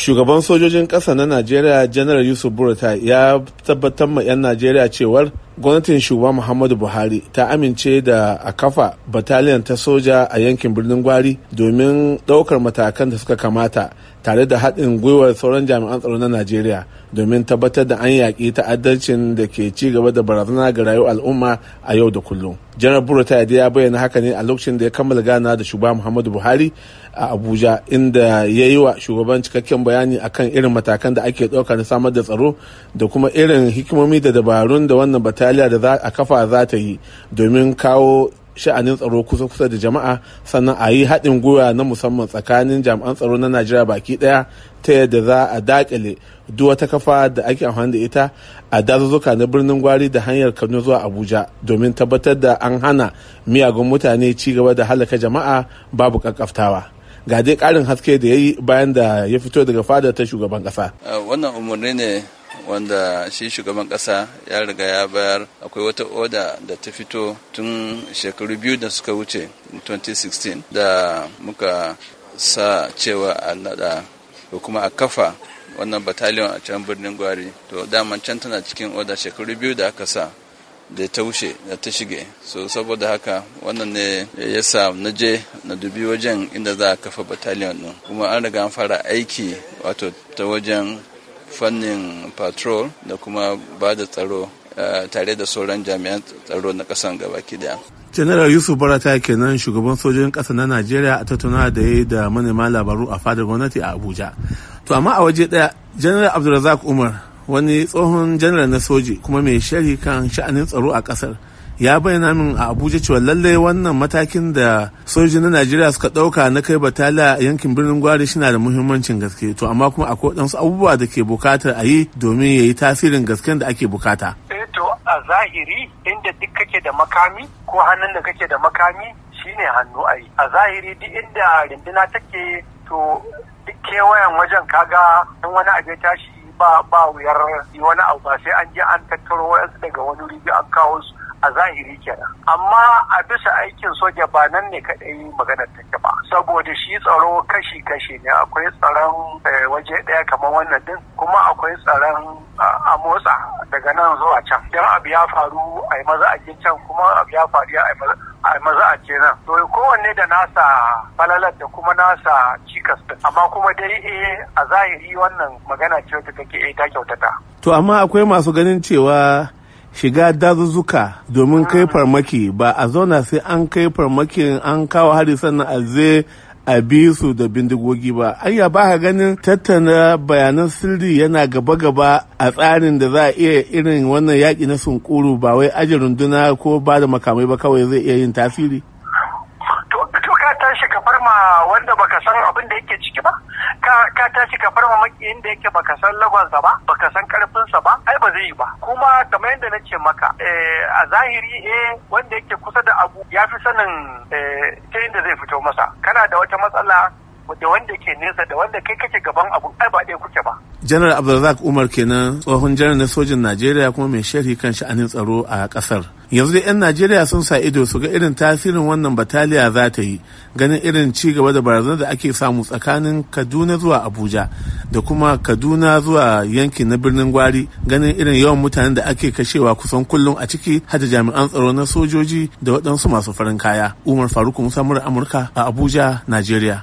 shugaban sojojin ƙasa na najeriya janar yusuf burta ya tabbatar ma 'yan najeriya cewar gwamnatin shugaba muhammadu buhari ta amince da a kafa bataliyan ta soja a yankin birnin gwari domin ɗaukar matakan da suka kamata tare da haɗin gwiwar sauran jami'an tsaro na najeriya domin tabbatar da an yaƙi ta'addancin da ke ci gaba da barazana ga rayuwar al'umma a yau da kullum janar yadda ya bayyana haka ne a lokacin da ya kammala gana da shugaba muhammadu buhari a abuja inda ya yi wa shugaban cikakken bayani akan irin matakan da ake ɗauka na samar da tsaro da kuma irin hikimomi da dabarun da wannan bataliyan jalila da za a kafa za ta yi domin kawo sha'anin tsaro kusa kusa da jama'a sannan a yi haɗin gwiwa na musamman tsakanin jami'an tsaro na najeriya baki ɗaya ta yadda za a dakile duk wata kafa da ake amfani da ita a dazuzzuka na birnin gwari da hanyar kano zuwa abuja domin tabbatar da an hana miyagun mutane ci gaba da halaka jama'a babu kakkaftawa ga dai ƙarin haske da ya yi bayan da ya fito daga fadar ta shugaban ƙasa wannan umarni ne wanda shi shugaban kasa ya riga ya bayar akwai wata oda da ta fito tun shekaru biyu da suka wuce 2016 da muka sa cewa a nada ko kuma a kafa wannan bataliyon a can birnin gwari to daman can tana cikin oda shekaru biyu da aka sa da ta wuce da ta shige so saboda haka wannan ne ya sa na je na dubi wajen inda za a kafa bataliyon din kuma an riga an fara aiki wato ta wajen fannin patrol da kuma ba da tsaro eh, tare da sauran jami'an tsaro na kasan gabaki daya. Janaral Yusuf Barata kenan shugaban sojojin ƙasa na Najeriya a tattauna da ya da manema labaru a fadar gwamnati a Abuja. To amma a waje ɗaya Janaral Abdulrazak Umar wani tsohon janar na soji kuma mai shari kan sha'anin tsaro a kasar ya bayyana min a abuja cewa lallai wannan matakin da soji na najeriya suka dauka na kai batala a yankin birnin gwari na da muhimmancin gaske to amma kuma akwai waɗansu abubuwa da ke bukatar a yi domin ya yi tasirin gasken da ake bukata eh to a zahiri inda duk kake da makami ko hannun da kake da makami shine hannu yi a zahiri duk inda rinduna take to duk kewayen wajen kaga in wani abu ya tashi ba ba wuyar wani abu ba sai an je an tattaro wayansu daga wani rigi an kawo su a zahiri kenan amma a bisa aikin soja ba nan ne kadai maganar take ba saboda shi tsaro kashi kashi ne akwai tsaron eh, waje daya kamar wannan din kuma akwai tsaron a motsa daga nan zuwa can idan abu ya faru a yi maza a ke can kuma abu ya faru a yi maza a ke nan to kowanne da nasa falalar da kuma nasa cikas din amma kuma dai eh a zahiri wannan magana ce wata take eh ta kyautata to amma akwai masu ganin cewa shiga dazuzzuka domin kai hmm. farmaki ba a zauna sai an kai farmakin an kawo hari sannan a zai a bi su da bindigogi ba anya ba ka ganin tattana bayanan sirri yana gaba-gaba a tsarin da za a iya irin wannan yaƙi na sunkuru ba wai ajin runduna ko ba da makamai ba kawai zai iya yin tasiri farma wanda baka san abin da yake ciki ba ka ka tashi ka farma maki da yake baka san lagwansa ba baka san karfinsa ba ai ba zai yi ba kuma kamar yadda na ce maka eh, a zahiri eh wanda yake kusa da abu yafi fi sanin eh, ta inda zai fito masa kana da wata matsala da wanda ke nesa da wanda kai kake gaban abu ai ba ɗaya kuke ba janar abdulrazak umar kenan tsohon janar na sojin najeriya kuma mai sharhi kan sha'anin tsaro a kasar yanzu da 'yan najeriya sun sa ido su ga irin tasirin wannan bataliya za ta yi ganin irin ci gaba da barazanar da ake samu tsakanin kaduna zuwa abuja da kuma kaduna zuwa yankin na birnin gwari ganin irin yawan mutanen da ake kashewa kusan kullum a ciki hada jami'an tsaro na sojoji da waɗansu masu farin kaya umar faruk musamman amurka a abuja najeriya